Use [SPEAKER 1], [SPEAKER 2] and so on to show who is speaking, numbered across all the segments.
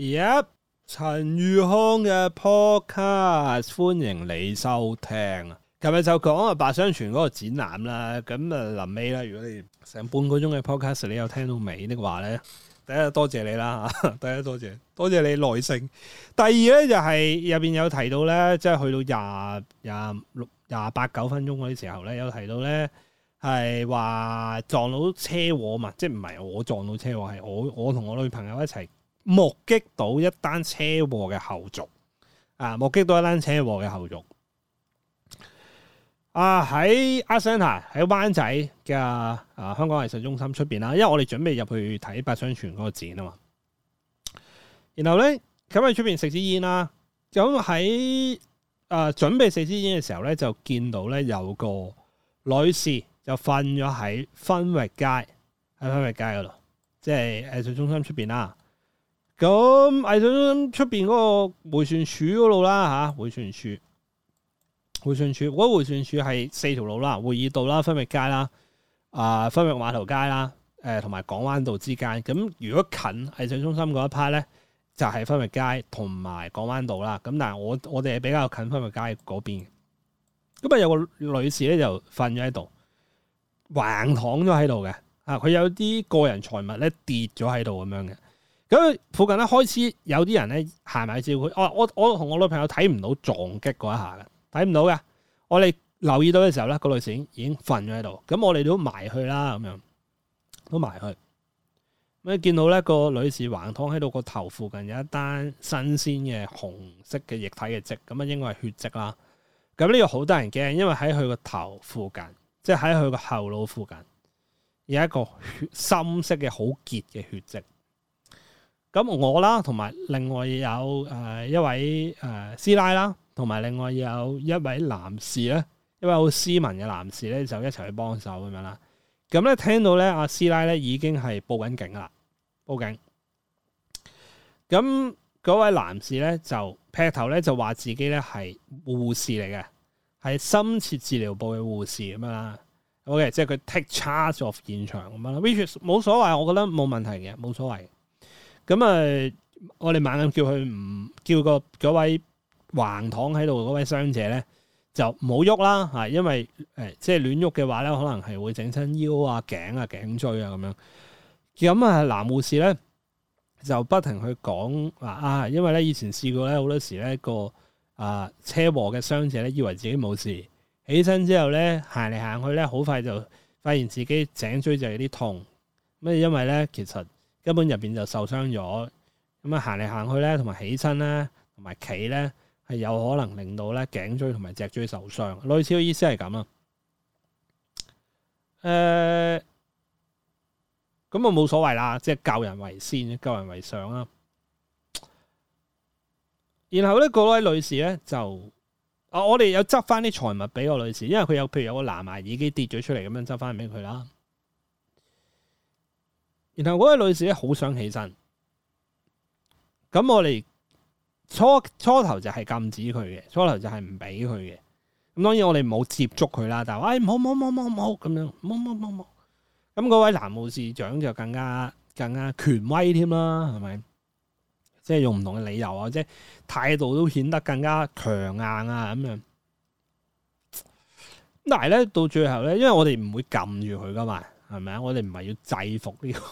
[SPEAKER 1] 而家 yeah，陳宇康嘅 podcast，歡迎你收聽。琴日就講啊，白商船嗰個展覽啦。咁啊，臨尾啦，如果你成半個鐘嘅 podcast，你有聽到尾的話咧，第一多謝你啦，吓、啊，第一多謝，多謝你耐性。第二咧就係入邊有提到咧，即係去到廿廿六廿八九分鐘嗰啲時候咧，有提到咧係話撞到車禍嘛，即係唔係我撞到車禍，係我我同我女朋友一齊。目擊到一單車禍嘅後續，啊！目擊到一單車禍嘅後續，啊！喺阿 s a 生喺灣仔嘅啊香港藝術中心出邊啦，因為我哋準備入去睇百想傳嗰個展啊嘛。然後咧，咁喺出邊食支煙啦。咁喺啊準備食支煙嘅時候咧，就見到咧有個女士就瞓咗喺分域街喺分域街嗰度，即係藝術中心出邊啦，咁藝術中心出邊嗰個迴旋處嗰度啦，吓，迴旋處，迴旋處，我迴旋處係四條路啦，會議道啦，分域街啦，啊，分域碼頭街啦，誒、呃，同埋、呃、港灣道之間。咁、嗯、如果近藝術中心嗰一派咧，就係、是、分域街同埋港灣道啦。咁但係我我哋係比較近分域街嗰邊。咁、嗯、啊有個女士咧就瞓咗喺度，橫躺咗喺度嘅，啊，佢有啲個人財物咧跌咗喺度咁樣嘅。咁附近咧，開始有啲人咧行埋照佢。我我我同我女朋友睇唔到撞擊嗰一下嘅，睇唔到嘅。我哋留意到嘅時候咧，個女士已經瞓咗喺度。咁我哋都埋去啦，咁樣都埋去。咁啊，見到咧個女士橫躺喺度，個頭附近有一單新鮮嘅紅色嘅液體嘅跡，咁啊應該係血跡啦。咁呢個好多人驚，因為喺佢個頭附近，即係喺佢個後腦附近有一個血深色嘅好結嘅血跡。咁我啦，同埋另外有誒一位誒師奶啦，同埋另外有一位男士咧，一位好斯文嘅男士咧，就一齊去幫手咁樣啦。咁、嗯、咧聽到咧，阿師奶咧已經係報緊警啦，報警。咁、嗯、嗰位男士咧就劈頭咧就話自己咧係護士嚟嘅，係深切治療部嘅護士咁樣啦。OK，即係佢 take charge of 現場咁樣啦 which 冇所謂，我覺得冇問題嘅，冇所謂。咁啊、嗯，我哋猛咁叫佢唔叫個嗰位橫躺喺度嗰位傷者咧，就唔好喐啦，係因為誒、哎，即係亂喐嘅話咧，可能係會整親腰啊、頸啊、頸椎啊咁樣。咁啊，男護士咧就不停去講，話啊，因為咧以前試過咧，好多時咧個啊車禍嘅傷者咧，以為自己冇事，起身之後咧行嚟行去咧，好快就發現自己頸椎就有啲痛，咩？因為咧其實。一般入邊就受傷咗，咁啊行嚟行去咧，同埋起身咧，同埋企咧，係有，有可能令到咧頸椎同埋脊椎受傷。類似嘅意思係咁啊，誒、呃，咁啊冇所謂啦，即係救人為先，救人為上啦、啊。然後咧，嗰位女士咧就，啊，我哋有執翻啲財物俾個女士，因為佢有譬如有個藍牙耳機跌咗出嚟，咁樣執翻俾佢啦。然後嗰位女士咧好想起身，咁我哋初，初初頭就係禁止佢嘅，初頭就係唔俾佢嘅。咁當然我哋冇接觸佢啦，但係，哎，冇冇冇冇冇，咁樣冇冇冇冇。咁嗰位男護士長就更加更加權威添啦，係咪？即係用唔同嘅理由啊，即係態度都顯得更加強硬啊，咁樣。但係咧到最後咧，因為我哋唔會撳住佢噶嘛，係咪啊？我哋唔係要制服呢個。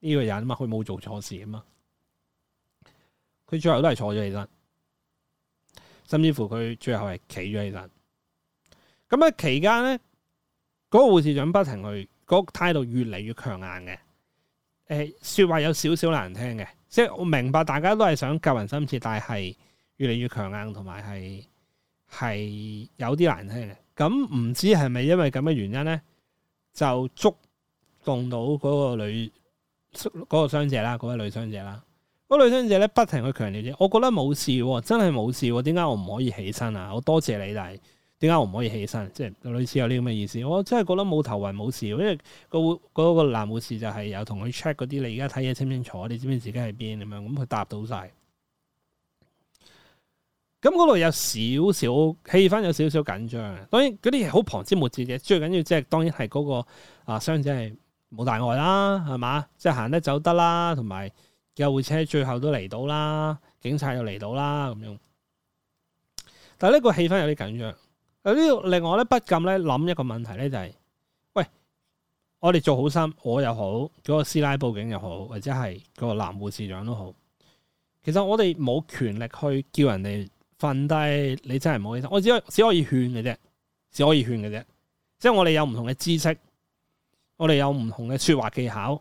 [SPEAKER 1] 呢個人啊嘛，佢冇做錯事啊嘛，佢最後都係坐咗起身，甚至乎佢最後係企咗起身。咁啊期間咧，嗰個護士長不停去，嗰個態度越嚟越強硬嘅，誒，說話有少少難聽嘅。即係我明白大家都係想救人心切，但係越嚟越強硬，同埋係係有啲難聽嘅。咁唔知係咪因為咁嘅原因咧，就觸動到嗰個女，嗰個傷者啦，嗰位女傷者啦，嗰個女傷者咧不停去強調啲，我覺得冇事，真係冇事，點解我唔可以起身啊？我多謝你，但係點解我唔可以起身？即係類似有啲咁嘅意思，我真係覺得冇頭暈冇事，因為個嗰個男護士就係有同佢 check 嗰啲，你而家睇嘢清唔清楚，你知唔知自己喺邊咁樣，咁佢答到晒。咁嗰度有少少氣氛，有少少緊張。當然嗰啲嘢好旁枝末節嘅，最緊要即係當然係嗰個啊傷者係。冇大礙啦，係嘛？即係行得走得啦，同埋救護車最後都嚟到啦，警察又嚟到啦，咁樣。但係呢個氣氛有啲緊張，有呢個，另外咧不禁咧諗一個問題咧就係，喂，我哋做好心，我又好，嗰個師奶報警又好，或者係嗰個男護士長都好。其實我哋冇權力去叫人哋瞓低，你真係唔好起身，我只可只可以勸嘅啫，只可以勸嘅啫，即係我哋有唔同嘅知識。我哋有唔同嘅說話技巧，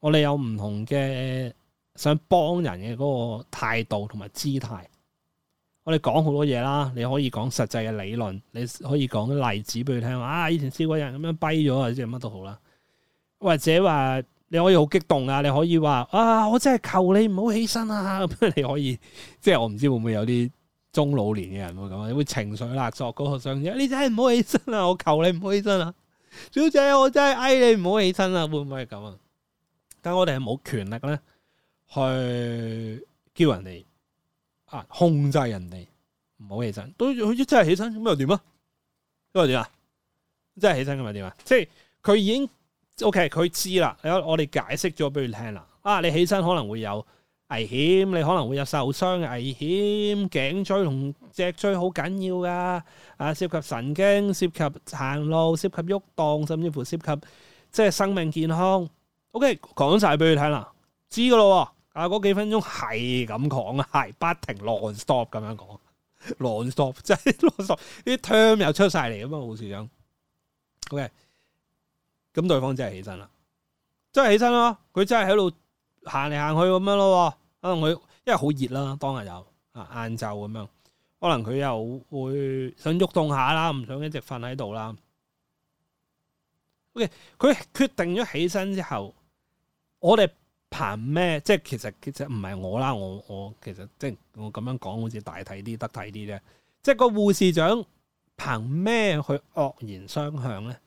[SPEAKER 1] 我哋有唔同嘅想幫人嘅嗰個態度同埋姿態。我哋講好多嘢啦，你可以講實際嘅理論，你可以講啲例子俾佢聽。啊，以前試鬼人咁樣跛咗啊，即係乜都好啦。或者話你可以好激動啊，啊，你可以話啊，我真係求你唔好起身啊！咁你可以，即係我唔知會唔會有啲中老年嘅人會咁，會情緒勒索嗰個想，想你真係唔好起身啊，我求你唔好起身啊！小姐，我真係嗌你唔好起身啊，會唔會係咁啊？但係我哋係冇權力咧，去叫人哋啊控制人哋唔好起身。到佢一真係起身咁又點啊？咁又點啊？真係起身噶嘛？點啊？即係佢已經 OK，佢知啦。我我哋解釋咗俾佢聽啦。啊，你起身可能會有。危險，你可能會有受傷嘅危險，頸椎同脊椎好緊要噶，啊涉及神經，涉及行路，涉及喐動，甚至乎涉及即係生命健康。O K，講晒俾佢聽啦，知噶咯，啊嗰幾分鐘係咁講，係不停 non-stop 咁樣講 non-stop 即係囉嗦，啲 term 又出晒嚟，啊嘛，護士長。O K，咁對方真係起身啦，真係起身咯，佢真係喺度。行嚟行去咁樣咯，可能佢因為好熱啦，當日又啊晏晝咁樣，可能佢又會想喐動下啦，唔想一直瞓喺度啦。ok，佢決定咗起身之後，我哋憑咩？即係其實其實唔係我啦，我我其實即係我咁樣講，好似大體啲得體啲啫。即係個護士長憑咩去惡言相向咧？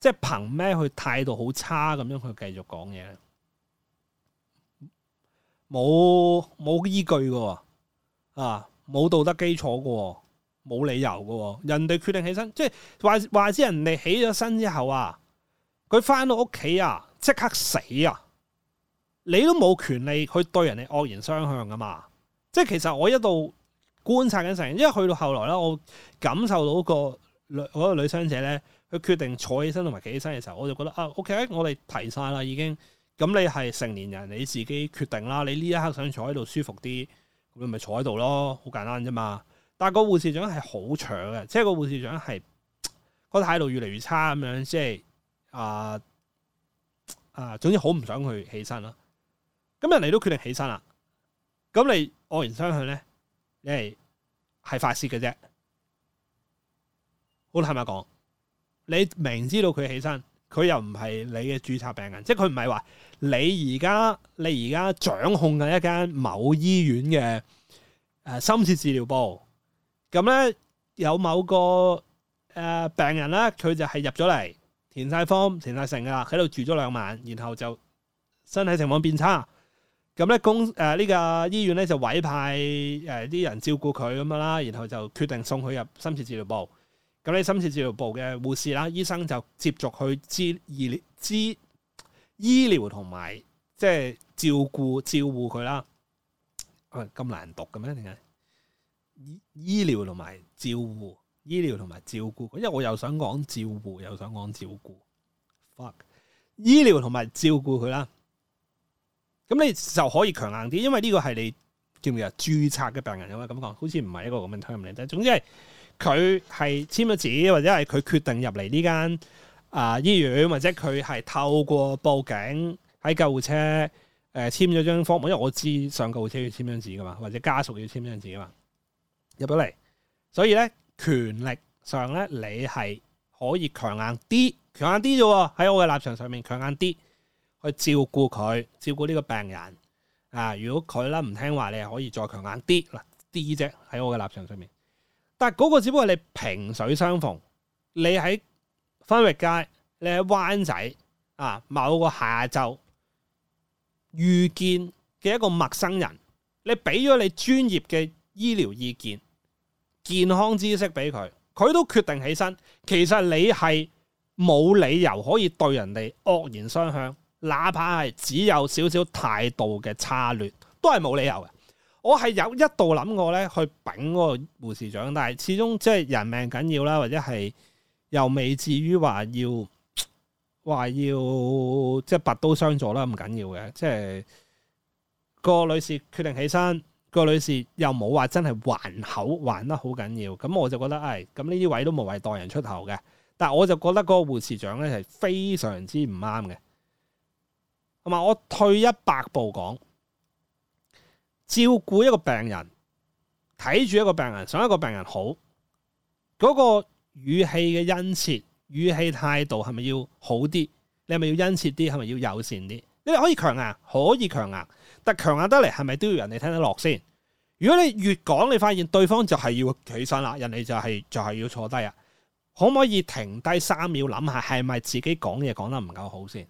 [SPEAKER 1] 即係憑咩去態度好差咁樣去繼續講嘢？冇冇依據嘅，啊冇道德基礎嘅，冇理由嘅。人哋決定起身，即係話話知人哋起咗身之後啊，佢翻到屋企啊，即刻死啊！你都冇權利去對人哋惡言相向㗎嘛！即係其實我一度觀察緊成，因為去到後來咧，我感受到個女嗰個女傷者咧，佢決定坐起身同埋企起身嘅時候，我就覺得啊，OK，我哋提晒啦，已經。咁你係成年人，你自己決定啦。你呢一刻想坐喺度舒服啲，咁你咪坐喺度咯，好簡單啫嘛。但係個護士長係好搶嘅，即係個護士長係個態度越嚟越差咁樣，即係啊啊，總之好唔想佢起身啦。咁人哋都決定起身啦，咁你惡然相向咧，你係係發洩嘅啫。好啦，坦白講，你明知道佢起身。佢又唔係你嘅註冊病人，即係佢唔係話你而家你而家掌控緊一間某醫院嘅誒、呃、深切治療部。咁咧有某個誒、呃、病人咧，佢就係入咗嚟填曬 form 填曬成噶啦，喺度住咗兩晚，然後就身體情況變差。咁咧公誒呢、呃這個醫院咧就委派誒啲、呃、人照顧佢咁啦，然後就決定送佢入深切治療部。咁你深切治療部嘅護士啦，醫生就接續去治醫治醫療同埋即係照顧照顧佢啦。咁、啊、難讀嘅咩？點解？醫療同埋照顧，醫療同埋照顧。因為我又想講照顧，又想講照顧。fuck，、啊、醫療同埋照顧佢啦。咁你就可以強硬啲，因為呢個係你叫唔叫啊？註冊嘅病人有冇咁講？好似唔係一個咁樣推念。但係。總之係。佢係簽咗紙，或者係佢決定入嚟呢間啊醫院，或者佢係透過報警喺救護車，誒簽咗張方，因為我知上救護車要簽張紙噶嘛，或者家屬要簽張紙噶嘛，入到嚟，所以咧權力上咧你係可以強硬啲，強硬啲啫，喺我嘅立場上面強硬啲去照顧佢，照顧呢個病人啊！如果佢咧唔聽話，你係可以再強硬啲嗱 d 啫，喺我嘅立場上面。但嗰個只不過係你萍水相逢，你喺分域街，你喺灣仔啊，某個下晝遇見嘅一個陌生人，你俾咗你專業嘅醫療意見、健康知識俾佢，佢都決定起身，其實你係冇理由可以對人哋惡言相向，哪怕係只有少少態度嘅差劣，都係冇理由嘅。我係有一度諗過咧去稟嗰個護士長，但係始終即係人命緊要啦，或者係又未至於話要話要即係、即係、拔刀相助啦，咁緊要嘅。即、嗰、係個女士決定起身，嗰個女士又冇話真係還口還得好緊要，咁我就覺得，唉、哎，咁呢啲位都冇謂代人出頭嘅。但係我就覺得嗰個護士長咧係非常之唔啱嘅。同埋我退一百步講。照顧一個病人，睇住一個病人，想一個病人好，嗰個語氣嘅殷切語氣態度係咪要好啲？你係咪要殷切啲？係咪要友善啲？你可以強硬，可以強硬，但強硬得嚟係咪都要人哋聽得落先？如果你越講，你發現對方就係要起身啦，人哋就係就係要坐低啊，可唔可以停低三秒諗下，係咪自己講嘢講得唔夠好先？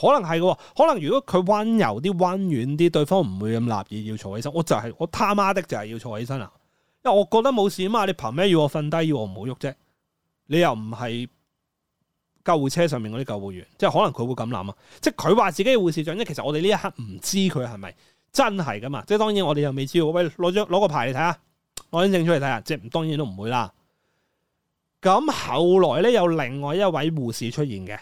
[SPEAKER 1] 可能係嘅，可能如果佢溫柔啲、溫軟啲，對方唔會咁立意要坐起身。我就係、係、我他媽的就係要坐起身啦、啊，因為我覺得冇事啊嘛。你憑咩要我瞓低，要我唔好喐啫？你又唔係救護車上面嗰啲救護員，即係可能佢會咁諗啊。即係佢話自己係護士長，即其實我哋呢一刻唔知佢係咪真係噶嘛。即係當然我哋又未知道。喂，攞張攞個牌嚟睇下，攞張證出嚟睇下，即係當然都唔會啦。咁後來咧，有另外一位護士出現嘅。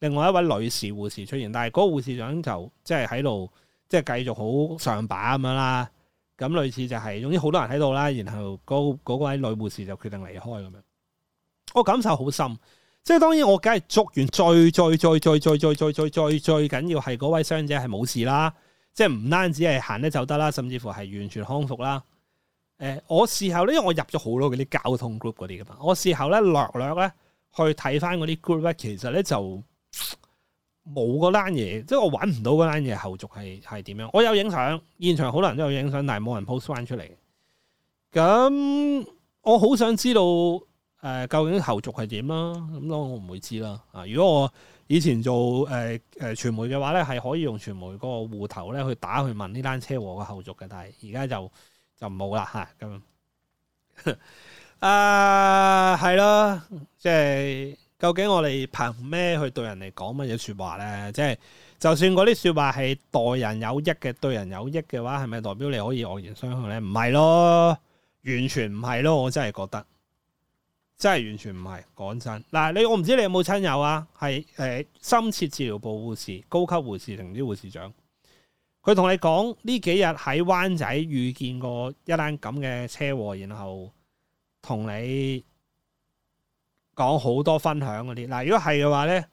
[SPEAKER 1] 另外一位女士護士出現，但係嗰個護士長就即係喺度，即係繼續好上把咁樣啦。咁類似就係，總之好多人喺度啦。然後嗰位女護士就決定離開咁樣。我感受好深，即係當然我梗係捉完，最最最最最最最最最最緊要係嗰位傷者係冇事啦，即係唔單止係行得就得啦，甚至乎係完全康復啦。誒，我事後咧，因為我入咗好多嗰啲交通 group 嗰啲㗎嘛，我事後咧略略咧去睇返嗰啲 group 咧，其實咧就。冇嗰單嘢，即係我揾唔到嗰單嘢後續係係點樣？我有影相，現場好多人都有影相，但係冇人 post 翻出嚟。咁、嗯、我好想知道誒、呃，究竟後續係點啦。咁咯，我唔會知啦。啊，如果我以前做誒誒、呃呃、傳媒嘅話咧，係可以用傳媒個戶頭咧去打去問呢單車禍嘅後續嘅，但係而家就就冇啦嚇咁樣。啊，係、嗯、咯、 啊，即係。究竟我哋憑咩去對人哋講乜嘢說話呢？即係就算嗰啲說話係待人有益嘅，對人有益嘅話，係咪代表你可以惡言相向呢？唔係咯，完全唔係咯，我真係覺得，真係完全唔係。講真，嗱，你我唔知你有冇親友啊？係深切治療部護士、高級護士同啲護士長，佢同你講呢幾日喺灣仔遇見過一單咁嘅車禍，然後同你。講好多分享嗰啲，嗱，如果係嘅話咧，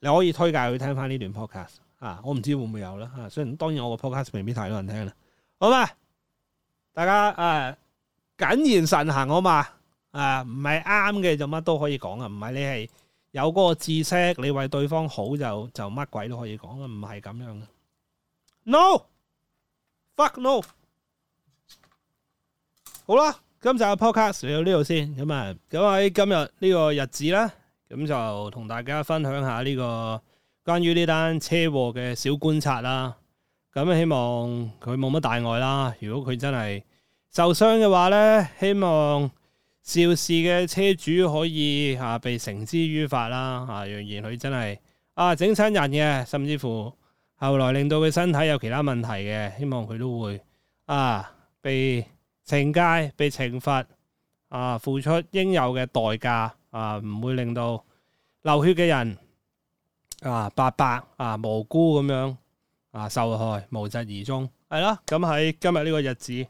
[SPEAKER 1] 你可以推介佢聽翻呢段 podcast 啊，我唔知會唔會有啦，雖、啊、然當然我個 podcast 未必太多人聽啦。好嘛？大家誒謹、啊、言慎行好嘛？誒，唔係啱嘅就乜都可以講啊，唔係你係有嗰個知識，你為對方好就就乜鬼都可以講啊，唔係咁樣嘅。No，fuck no，好啦。今集嘅 podcast 到呢度先，咁啊，咁喺今日呢個日子啦，咁就同大家分享下呢個關於呢單車禍嘅小觀察啦。咁希望佢冇乜大礙啦。如果佢真係受傷嘅話咧，希望肇事嘅車主可以啊被繩之於法啦。啊，若然佢真係啊整親人嘅，甚至乎後來令到佢身體有其他問題嘅，希望佢都會啊被。懲戒被懲罰啊，付出應有嘅代價啊，唔會令到流血嘅人啊，白白啊無辜咁樣啊受害啊無疾而終係啦。咁喺、啊嗯、今日呢個日子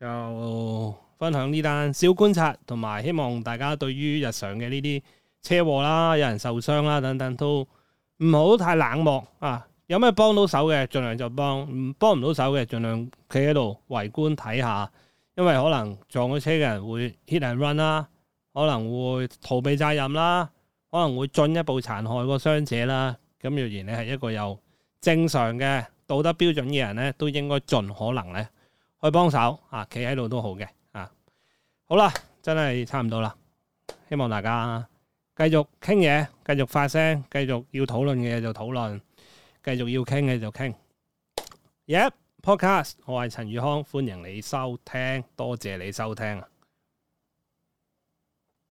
[SPEAKER 1] 就分享呢單小觀察，同埋希望大家對於日常嘅呢啲車禍啦、有人受傷啦等等，等，都唔好太冷漠啊。有咩幫到手嘅盡量就幫，幫唔到手嘅盡量企喺度圍觀睇下。因為可能撞咗車嘅人會 hit and run 啦，可能會逃避責任啦，可能會進一步殘害個傷者啦。咁若然你係一個有正常嘅道德標準嘅人咧，都應該盡可能咧去幫手啊，企喺度都好嘅啊。好啦，真係差唔多啦，希望大家繼續傾嘢，繼續發聲，繼續要討論嘅嘢就討論，繼續要傾嘅就傾。Yes、yeah.。Podcast，我係陳宇康，歡迎你收聽，多謝你收聽啊！